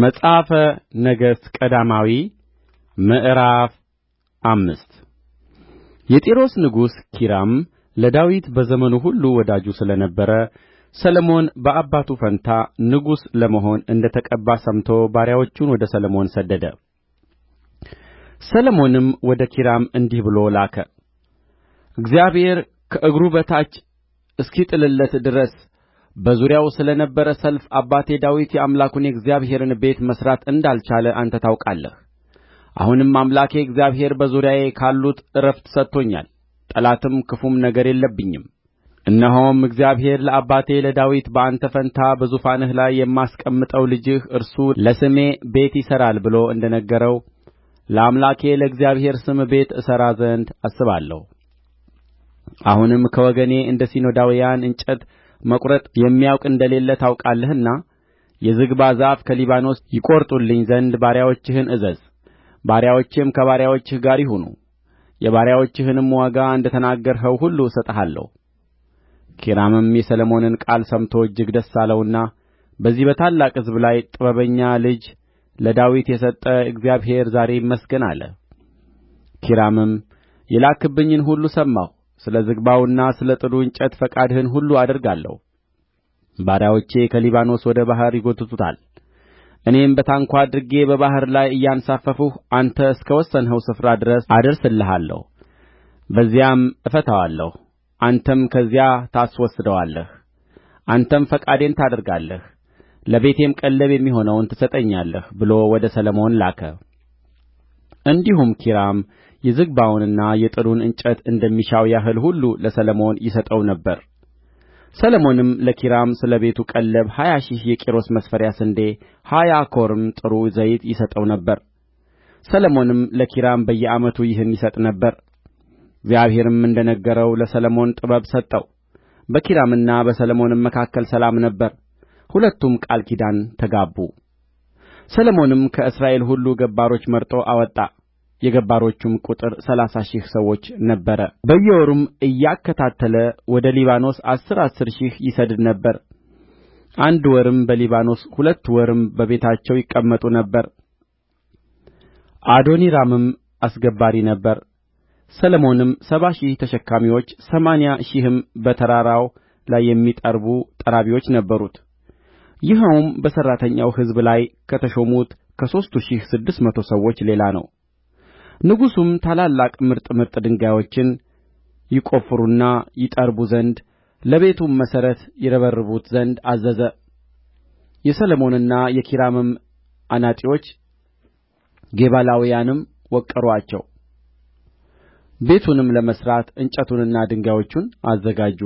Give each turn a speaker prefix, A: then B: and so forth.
A: መጽሐፈ ነገሥት ቀዳማዊ ምዕራፍ አምስት የጢሮስ ንጉሥ ኪራም ለዳዊት በዘመኑ ሁሉ ወዳጁ ስለ ነበረ ሰሎሞን በአባቱ ፈንታ ንጉሥ ለመሆን እንደ ተቀባ ሰምቶ ባሪያዎቹን ወደ ሰሎሞን ሰደደ። ሰሎሞንም ወደ ኪራም እንዲህ ብሎ ላከ። እግዚአብሔር ከእግሩ በታች እስኪጥልለት ድረስ በዙሪያው ስለ ነበረ ሰልፍ አባቴ ዳዊት የአምላኩን የእግዚአብሔርን ቤት መሥራት እንዳልቻለ አንተ ታውቃለህ አሁንም አምላኬ እግዚአብሔር በዙሪያዬ ካሉት ዕረፍት ሰጥቶኛል ጠላትም ክፉም ነገር የለብኝም እነሆም እግዚአብሔር ለአባቴ ለዳዊት በአንተ ፋንታ በዙፋንህ ላይ የማስቀምጠው ልጅህ እርሱ ለስሜ ቤት ይሠራል ብሎ እንደ ነገረው ለአምላኬ ለእግዚአብሔር ስም ቤት እሠራ ዘንድ አስባለሁ አሁንም ከወገኔ እንደ ሲዶናውያን እንጨት መቍረጥ የሚያውቅ እንደሌለ ታውቃለህና የዝግባ ዛፍ ከሊባኖስ ይቈርጡልኝ ዘንድ ባሪያዎችህን እዘዝ ባሪያዎቼም ከባሪያዎችህ ጋር ይሁኑ የባሪያዎችህንም ዋጋ እንደ ተናገርኸው ሁሉ እሰጥሃለሁ ኪራምም የሰሎሞንን ቃል ሰምቶ እጅግ ደስ አለውና በዚህ በታላቅ ሕዝብ ላይ ጥበበኛ ልጅ ለዳዊት የሰጠ እግዚአብሔር ዛሬ ይመስገን አለ ኪራምም የላክህብኝን ሁሉ ሰማሁ ስለ ዝግባውና ስለ ጥዱ እንጨት ፈቃድህን ሁሉ አደርጋለሁ ባሪያዎቼ ከሊባኖስ ወደ ባሕር ይጐትቱታል እኔም በታንኳ አድርጌ በባሕር ላይ እያንሳፈፍሁ አንተ እስከ ወሰንኸው ስፍራ ድረስ አደርስልሃለሁ በዚያም እፈታዋለሁ አንተም ከዚያ ታስወስደዋለህ አንተም ፈቃዴን ታደርጋለህ ለቤቴም ቀለብ የሚሆነውን ትሰጠኛለህ ብሎ ወደ ሰሎሞን ላከ እንዲሁም ኪራም የዝግባውንና የጥዱን እንጨት እንደሚሻው ያህል ሁሉ ለሰሎሞን ይሰጠው ነበር ሰሎሞንም ለኪራም ስለ ቤቱ ቀለብ ሀያ ሺህ የቆሮስ መስፈሪያ ስንዴ ሀያ ኮርም ጥሩ ዘይት ይሰጠው ነበር ሰሎሞንም ለኪራም በየዓመቱ ይህን ይሰጥ ነበር እግዚአብሔርም እንደ ነገረው ለሰሎሞን ጥበብ ሰጠው በኪራምና በሰሎሞንም መካከል ሰላም ነበረ ሁለቱም ቃል ኪዳን ተጋቡ ሰሎሞንም ከእስራኤል ሁሉ ገባሮች መርጦ አወጣ የገባሮቹም ቍጥር ሠላሳ ሺህ ሰዎች ነበረ በየወሩም እያከታተለ ወደ ሊባኖስ አሥር አሥር ሺህ ይሰድድ ነበር አንድ ወርም በሊባኖስ ሁለት ወርም በቤታቸው ይቀመጡ ነበር አዶኒራምም አስገባሪ ነበር ሰሎሞንም ሰባ ሺህ ተሸካሚዎች ሰማንያ ሺህም በተራራው ላይ የሚጠርቡ ጠራቢዎች ነበሩት ይኸውም በሠራተኛው ሕዝብ ላይ ከተሾሙት ከሦስቱ ሺህ ስድስት መቶ ሰዎች ሌላ ነው ንጉሡም ታላላቅ ምርጥ ምርጥ ድንጋዮችን ይቈፍሩና ይጠርቡ ዘንድ ለቤቱም መሠረት ይረበርቡት ዘንድ አዘዘ የሰሎሞንና የኪራምም አናጢዎች ጌባላውያንም ወቀሩአቸው ቤቱንም ለመሥራት እንጨቱንና ድንጋዮቹን አዘጋጁ